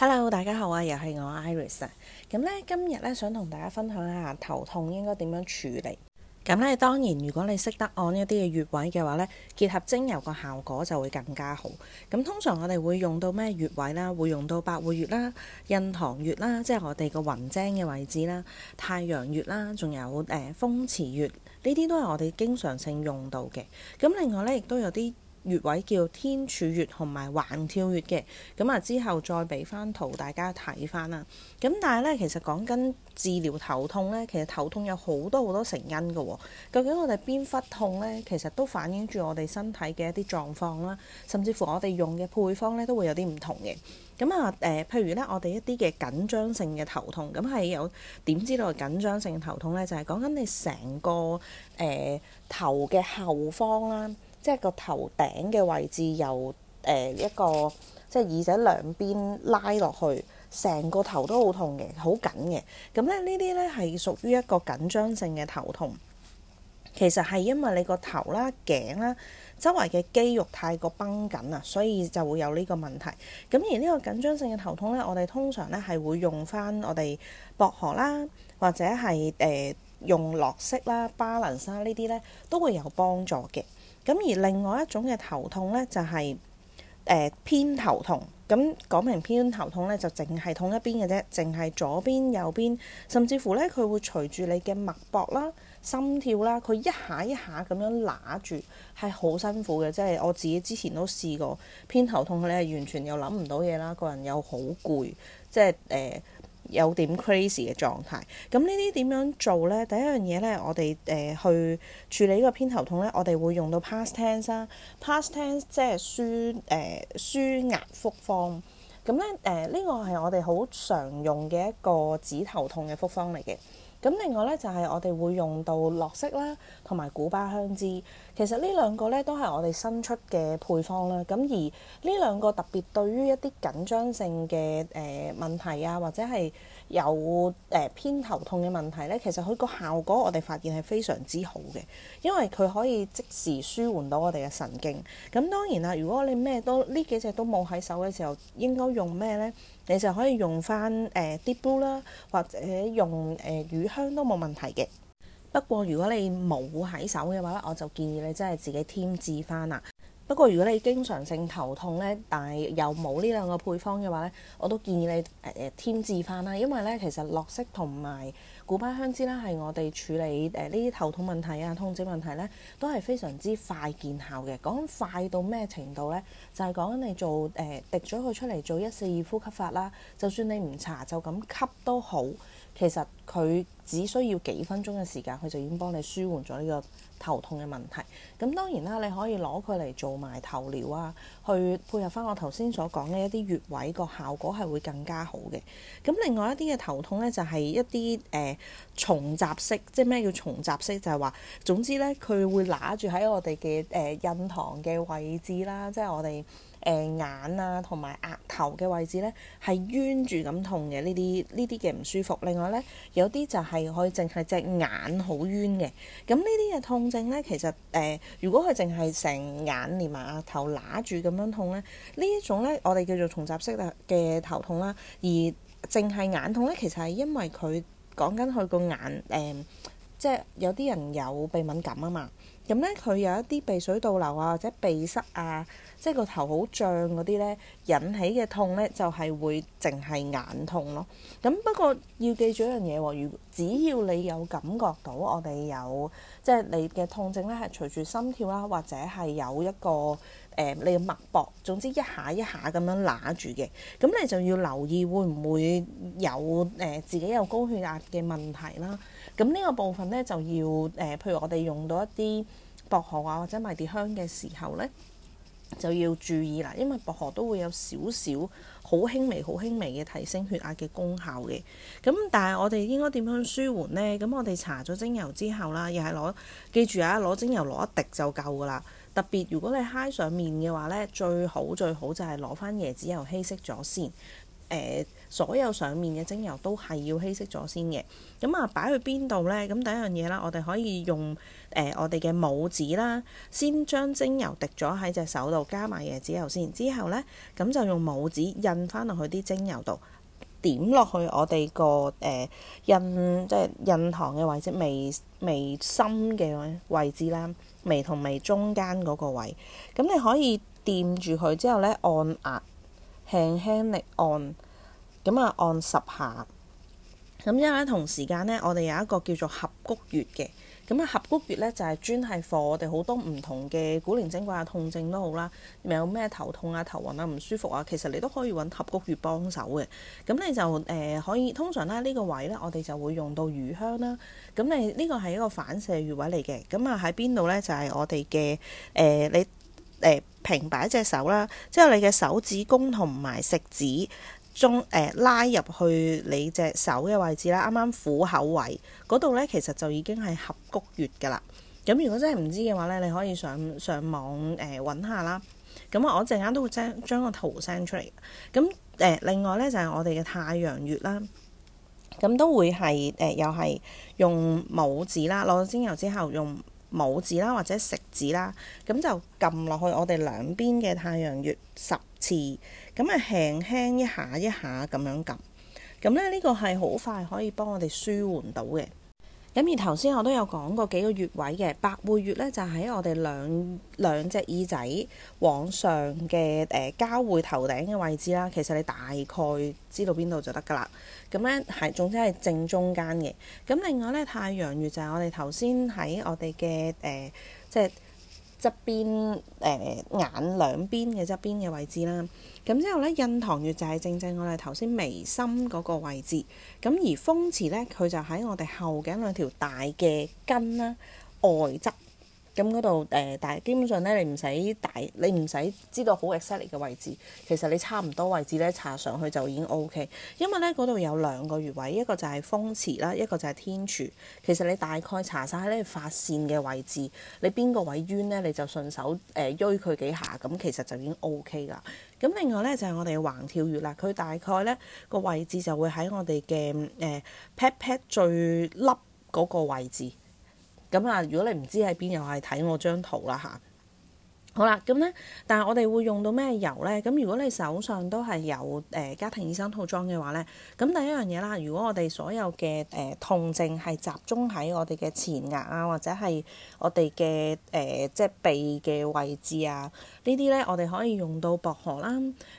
Hello，大家好啊，又係我 Iris 啊。咁咧，今日咧想同大家分享一下頭痛應該點樣處理。咁咧，當然如果你識得按一啲嘅穴位嘅話咧，結合精油個效果就會更加好。咁通常我哋會用到咩穴位啦？會用到百會穴啦、印堂穴啦，即係我哋個暈睛嘅位置啦、太陽穴啦，仲有誒風池穴呢啲都係我哋經常性用到嘅。咁另外咧，亦都有啲。穴位叫天柱穴同埋橫跳穴嘅，咁啊之後再俾翻圖大家睇翻啦。咁但係咧，其實講緊治療頭痛咧，其實頭痛有好多好多成因嘅。究竟我哋邊忽痛咧，其實都反映住我哋身體嘅一啲狀況啦，甚至乎我哋用嘅配方咧都會有啲唔同嘅。咁啊誒，譬如咧我哋一啲嘅緊張性嘅頭痛，咁係有點知道緊張性頭痛咧？就係講緊你成個誒、呃、頭嘅後方啦。即係個頭頂嘅位置，由誒一個即係耳仔兩邊拉落去，成個頭都好痛嘅，好緊嘅。咁咧呢啲咧係屬於一個緊張性嘅頭痛，其實係因為你個頭啦、啊、頸啦、啊、周圍嘅肌肉太過繃緊啊，所以就會有呢個問題。咁而呢個緊張性嘅頭痛咧，我哋通常咧係會用翻我哋薄荷啦，或者係誒、呃、用樂釋啦、巴倫沙呢啲咧都會有幫助嘅。咁而另外一種嘅頭痛呢，就係誒偏頭痛。咁講明偏頭痛呢，就淨係痛一邊嘅啫，淨係左邊、右邊，甚至乎呢，佢會隨住你嘅脈搏啦、心跳啦，佢一下一下咁樣拿住，係好辛苦嘅。即係我自己之前都試過偏頭痛，你係完全又諗唔到嘢啦，個人又好攰，即係誒。呃有點 crazy 嘅狀態，咁呢啲點樣做呢？第一樣嘢呢，我哋誒、呃、去處理呢個偏頭痛呢，我哋會用到 past tense 啦、啊，past tense 即係舒誒舒壓複方，咁咧誒呢個係、呃、我哋好常用嘅一個止頭痛嘅複方嚟嘅。咁另外咧，就係我哋會用到樂釋啦，同埋古巴香脂。其實呢兩個咧都係我哋新出嘅配方啦。咁而呢兩個特別對於一啲緊張性嘅、誒問題啊，或者係有誒偏頭痛嘅問題咧，其實佢個效果我哋發現係非常之好嘅，因為佢可以即時舒緩到我哋嘅神經，咁當然啦，如果你咩都呢幾隻都冇喺手嘅時候，應該用咩咧？你就可以用翻誒 Deep Blue 啦，呃、Blue, 或者用誒乳呃香都冇問題嘅，不過如果你冇喺手嘅話咧，我就建議你真係自己添置翻啦。不過如果你經常性頭痛呢，但係又冇呢兩個配方嘅話咧，我都建議你誒、呃、添置翻啦。因為呢，其實樂釋同埋古巴香脂咧，係我哋處理誒呢啲頭痛問題啊、痛症問題呢，都係非常之快見效嘅。講快到咩程度呢？就係、是、講緊你做誒、呃、滴咗佢出嚟做一四二呼吸法啦，就算你唔搽，就咁吸都好。其實佢只需要幾分鐘嘅時間，佢就已經幫你舒緩咗呢個頭痛嘅問題。咁當然啦，你可以攞佢嚟做埋頭療啊，去配合返我頭先所講嘅一啲穴位，個效果係會更加好嘅。咁另外一啲嘅頭痛咧，就係、是、一啲誒、呃、重雜式，即係咩叫重雜式？就係、是、話總之咧，佢會拿住喺我哋嘅誒印堂嘅位置啦，即係我哋。呃、眼啊，同埋額頭嘅位置呢，係冤住咁痛嘅呢啲呢啲嘅唔舒服。另外呢，有啲就係可以淨係隻眼好冤嘅。咁呢啲嘅痛症呢，其實誒、呃，如果佢淨係成眼連埋額頭揦住咁樣痛呢，呢一種呢，我哋叫做重雜式嘅頭痛啦。而淨係眼痛呢，其實係因為佢講緊佢個眼誒，即、呃、係、就係、有啲人有鼻敏感啊嘛。咁咧，佢有一啲鼻水倒流啊，或者鼻塞啊，即係個頭好脹嗰啲咧，引起嘅痛咧，就係會淨係眼痛咯。咁不過要記住一樣嘢，如只要你有感覺到我哋有，即係你嘅痛症咧，係隨住心跳啦，或者係有一個。誒、呃、你嘅脈搏總之一下一下咁樣揦住嘅，咁你就要留意會唔會有誒、呃、自己有高血壓嘅問題啦。咁呢個部分咧就要誒、呃，譬如我哋用到一啲薄荷啊或者迷迭香嘅時候咧，就要注意啦，因為薄荷都會有少少好輕微好輕微嘅提升血壓嘅功效嘅。咁但係我哋應該點樣舒緩咧？咁我哋搽咗精油之後啦，又係攞記住啊，攞精油攞一滴就夠噶啦。特別如果你揩上面嘅話咧，最好最好就係攞翻椰子油稀釋咗先。誒、呃，所有上面嘅精油都係要稀釋咗先嘅。咁啊，擺去邊度咧？咁第一樣嘢啦，我哋可以用誒、呃、我哋嘅拇指啦，先將精油滴咗喺隻手度，加埋椰子油先。之後咧，咁就用拇指印翻落去啲精油度，點落去我哋個誒印即係、就是、印堂嘅位置，未微深嘅位置啦。眉同眉中間嗰個位，咁你可以掂住佢之後咧，按壓，輕輕力按，咁啊按十下。咁因為咧，同時間咧，我哋有一個叫做合谷穴嘅。咁啊，合谷穴咧就係專係火，我哋好多唔同嘅古靈精怪啊、痛症都好啦，咪有咩頭痛啊、頭暈啊、唔舒服啊，其實你都可以揾合谷穴幫手嘅。咁你就誒、呃、可以通常咧呢個位咧，我哋就會用到乳香啦。咁你呢個係一個反射穴位嚟嘅。咁啊喺邊度咧？就係、是、我哋嘅誒你誒、呃、平擺隻手啦，即係你嘅手指公同埋食指。中誒、呃、拉入去你隻手嘅位置啦，啱啱虎口位嗰度咧，其實就已經係合谷穴噶啦。咁如果真係唔知嘅話咧，你可以上上網誒揾、呃、下啦。咁我陣間都會將將個圖 send 出嚟。咁誒、呃、另外咧就係、是、我哋嘅太陽穴啦，咁都會係誒、呃、又係用拇指啦，攞咗精油之後用拇指啦或者食指啦，咁就撳落去我哋兩邊嘅太陽穴十次。咁啊，輕輕一下一下咁樣撳，咁咧呢個係好快可以幫我哋舒緩到嘅。咁而頭先我都有講過幾個穴位嘅，百會穴咧就喺、是、我哋兩兩隻耳仔往上嘅誒、呃、交匯頭頂嘅位置啦。其實你大概知道邊度就得㗎喇。咁咧係總之係正中間嘅。咁另外咧太陽穴就係我哋頭先喺我哋嘅誒，即係側邊誒眼兩邊嘅側邊嘅位置啦。咁之後咧，印堂穴就係正正我哋頭先眉心嗰個位置，咁而風池咧，佢就喺我哋後頸兩條大嘅筋啦，外側。咁嗰度誒，但係、呃、基本上咧，你唔使大，你唔使知道好 exactly 嘅位置，其實你差唔多位置咧搽上去就已經 O K。因為咧嗰度有兩個穴位，一個就係風池啦，一個就係天柱。其實你大概搽晒喺你發線嘅位置，你邊個位冤咧，你就順手誒推佢幾下，咁其實就已經 O K 噶。咁另外咧就係、是、我哋嘅橫跳穴啦，佢大概咧個位置就會喺我哋嘅誒 pat pat 最凹嗰個位置。咁啊，如果你唔知喺邊，又係睇我張圖啦吓，好啦，咁咧，但係我哋會用到咩油咧？咁如果你手上都係有誒家庭醫生套裝嘅話咧，咁第一樣嘢啦，如果我哋所有嘅誒痛症係集中喺我哋嘅前額啊，或者係我哋嘅誒即係鼻嘅位置啊。呢啲咧，我哋可以用到薄荷啦。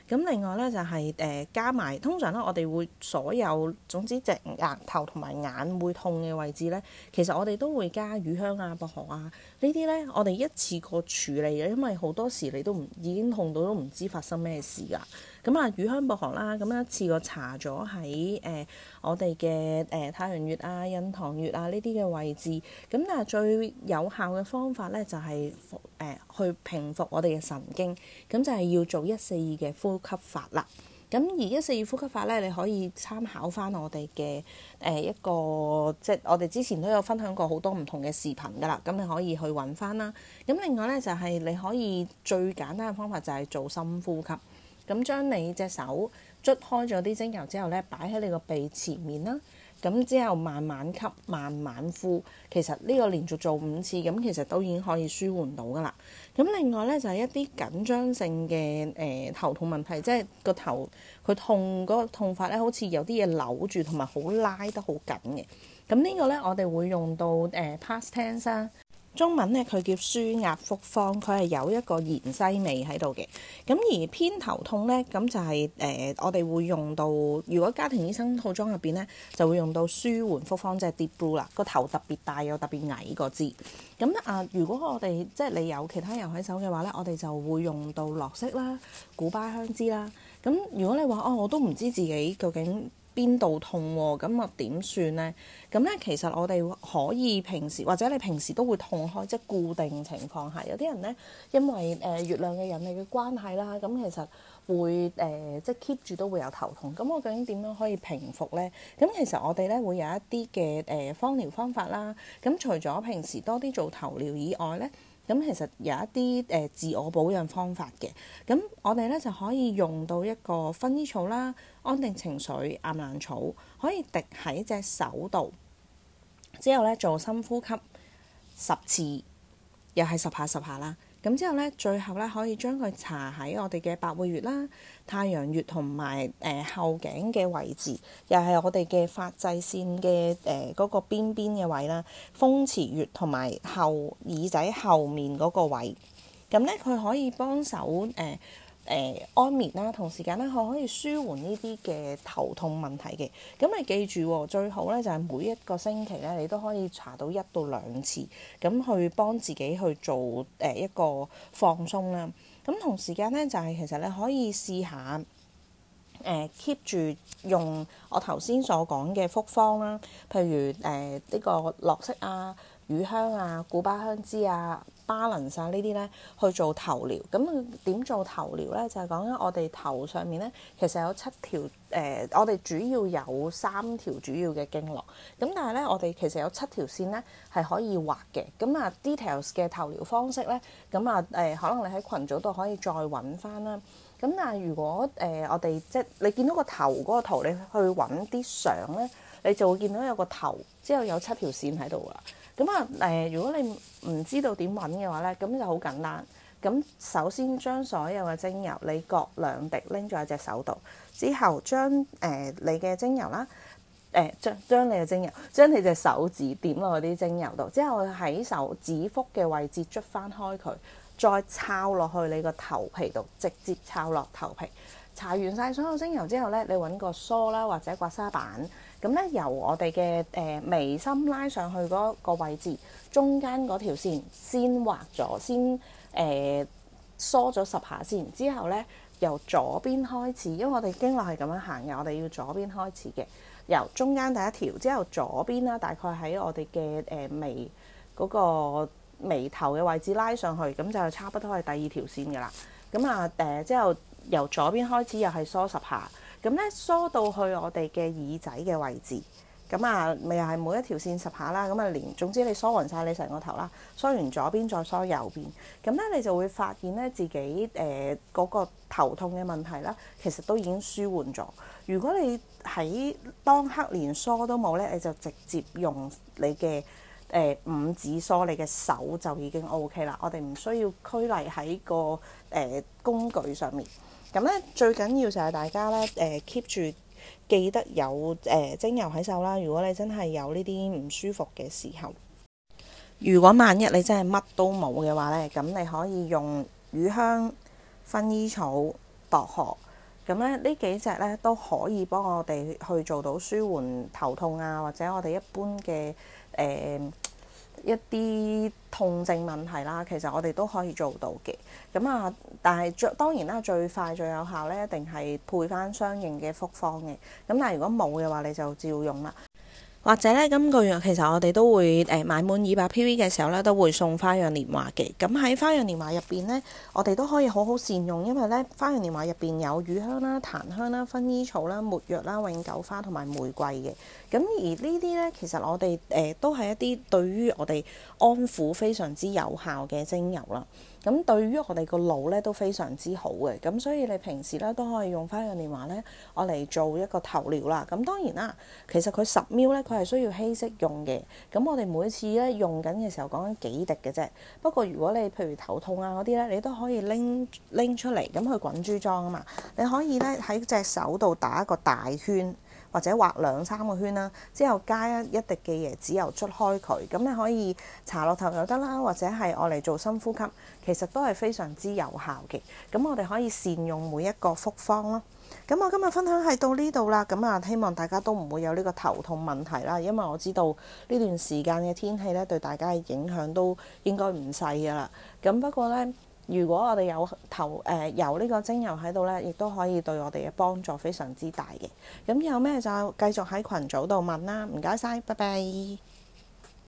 咁另外咧，就係，就係誒加埋。通常咧，我哋會所有總之隻額頭同埋眼會痛嘅位置咧，其實我哋都會加乳香啊、薄荷啊呢啲咧，我哋一次過處理嘅，因為好多時你都唔已經痛到都唔知發生咩事㗎。咁啊，乳香薄荷啦。咁一次過搽咗喺誒我哋嘅誒太陽穴啊、印堂穴啊呢啲嘅位置。咁但係最有效嘅方法咧，就係誒去平伏我哋嘅神經。咁就係要做一四二嘅呼吸法啦。咁而一四二呼吸法咧，你可以參考翻我哋嘅誒一個，即係我哋之前都有分享過好多唔同嘅視頻噶啦。咁你可以去揾翻啦。咁另外咧，就係你可以最簡單嘅方法就係做深呼吸。咁將你隻手捽開咗啲精油之後咧，擺喺你個鼻前面啦。咁之後慢慢吸，慢慢呼。其實呢個連續做五次，咁其實都已經可以舒緩到噶啦。咁另外咧就係、是、一啲緊張性嘅誒、呃、頭痛問題，即係個頭佢痛嗰、那個痛法咧，好似有啲嘢扭住同埋好拉得好緊嘅。咁、這個、呢個咧，我哋會用到誒、呃、past tense 啦、啊。中文咧，佢叫舒壓複方，佢係有一個芫茜味喺度嘅。咁而偏頭痛咧，咁就係、是、誒、呃，我哋會用到，如果家庭醫生套裝入邊咧，就會用到舒緩複方，即係 Deep Blue 啦。個頭特別大又特別矮個字。咁咧啊，如果我哋即係你有其他人喺手嘅話咧，我哋就會用到樂釋啦、古巴香脂啦。咁如果你話哦，我都唔知自己究竟邊度痛喎、啊？咁啊點算呢？咁咧其實我哋可以平時或者你平時都會痛開，即係固定情況下，有啲人呢，因為誒、呃、月亮嘅引力嘅關係啦，咁其實會誒、呃、即係 keep 住都會有頭痛。咁我究竟點樣可以平復呢？咁其實我哋咧會有一啲嘅誒芳療方法啦。咁除咗平時多啲做頭療以外呢。咁其實有一啲誒自我保養方法嘅，咁我哋咧就可以用到一個薰衣草啦，安定情緒，岩蘭草可以滴喺隻手度，之後咧做深呼吸十次，又係十下十下啦。咁之後咧，最後咧可以將佢搽喺我哋嘅百會穴啦、太陽穴同埋誒後頸嘅位置，又係我哋嘅發際線嘅誒嗰個邊邊嘅位啦、風池穴同埋後耳仔後面嗰個位。咁咧，佢可以幫手誒。呃誒、呃、安眠啦，同時間咧，佢可以舒緩呢啲嘅頭痛問題嘅。咁你記住，最好咧就係、是、每一個星期咧，你都可以查到一到兩次，咁去幫自己去做誒、呃、一個放鬆啦。咁同時間咧，就係、是、其實你可以試下誒 keep 住用我頭先所講嘅複方啦，譬如誒呢、呃這個樂釋啊、乳香啊、古巴香脂啊。巴倫晒呢啲咧去做頭療，咁點做頭療咧？就係、是、講緊我哋頭上面咧，其實有七條誒、呃，我哋主要有三條主要嘅經絡，咁但係咧，我哋其實有七條線咧係可以畫嘅。咁啊，details 嘅頭療方式咧，咁啊誒，可能你喺群組度可以再揾返啦。咁但係如果誒、呃、我哋即係你見到個頭嗰個圖，你去揾啲相咧，你就會見到有個頭之後有，有七條線喺度啦。咁啊，誒，如果你唔知道點揾嘅話咧，咁就好簡單。咁首先將所有嘅精油，你各兩滴拎咗喺隻手度，之後將誒、呃、你嘅精油啦，誒將將你嘅精油，將、呃、你隻手指點落啲精油度，之後喺手指腹嘅位置捽翻開佢，再抄落去你個頭皮度，直接抄落頭皮。搽完晒所有精油之後咧，你揾個梳啦或者刮痧板。咁咧，由我哋嘅誒眉心拉上去嗰個位置，中間嗰條線先畫咗，先誒、呃、梳咗十下先。之後咧，由左邊開始，因為我哋經絡係咁樣行嘅，我哋要左邊開始嘅。由中間第一條，之後左邊啦，大概喺我哋嘅誒眉嗰、嗰個眉頭嘅位置拉上去，咁就差唔多係第二條線嘅啦。咁啊誒，之後由左邊開始又係梳十下。咁咧梳到去我哋嘅耳仔嘅位置，咁啊咪又係每一條線十下啦，咁啊連總之你梳勻晒你成個頭啦，梳完左邊再梳右邊，咁咧你就會發現咧自己誒嗰個頭痛嘅問題啦，其實都已經舒緩咗。如果你喺當刻連梳都冇咧，你就直接用你嘅誒五指梳，你嘅手就已經 O K 啦。我哋唔需要拘泥喺個誒工具上面。咁咧最緊要就係大家咧誒 keep 住記得有誒精油喺手啦。如果你真係有呢啲唔舒服嘅時候，如果萬一你真係乜都冇嘅話咧，咁你可以用乳香、薰衣草、薄荷，咁咧呢幾隻咧都可以幫我哋去做到舒緩頭痛啊，或者我哋一般嘅誒，呃一啲痛症問題啦，其實我哋都可以做到嘅。咁啊，但係最當然啦，最快最有效呢，一定係配返相應嘅複方嘅。咁但係如果冇嘅話，你就照用啦。或者咧，今個月其實我哋都會誒買滿二百 PV 嘅時候咧，都會送《花漾年華》嘅。咁喺《花漾年華》入邊咧，我哋都可以好好善用，因為咧，《花漾年華》入邊有乳香啦、檀香啦、薰衣草啦、沒藥啦、永久花同埋玫瑰嘅。咁而呢啲咧，其實我哋誒、呃、都係一啲對於我哋安撫非常之有效嘅精油啦。咁對於我哋個腦咧都非常之好嘅，咁所以你平時咧都可以用翻個電話咧，我嚟做一個頭療啦。咁當然啦，其實佢十秒咧，佢係需要稀釋用嘅。咁我哋每次咧用緊嘅時候，講緊幾滴嘅啫。不過如果你譬如頭痛啊嗰啲咧，你都可以拎拎出嚟，咁去滾珠裝啊嘛，你可以咧喺隻手度打一個大圈。或者畫兩三個圈啦，之後加一一滴嘅椰子油捽開佢，咁你可以搽落頭又得啦，或者係我嚟做深呼吸，其實都係非常之有效嘅。咁我哋可以善用每一個複方咯。咁我今日分享係到呢度啦，咁啊希望大家都唔會有呢個頭痛問題啦，因為我知道呢段時間嘅天氣咧對大家嘅影響都應該唔細㗎喇。咁不過咧。如果我哋有頭誒、呃、有呢個精油喺度咧，亦都可以對我哋嘅幫助非常之大嘅。咁有咩就繼續喺群組度問啦。唔該晒，拜拜。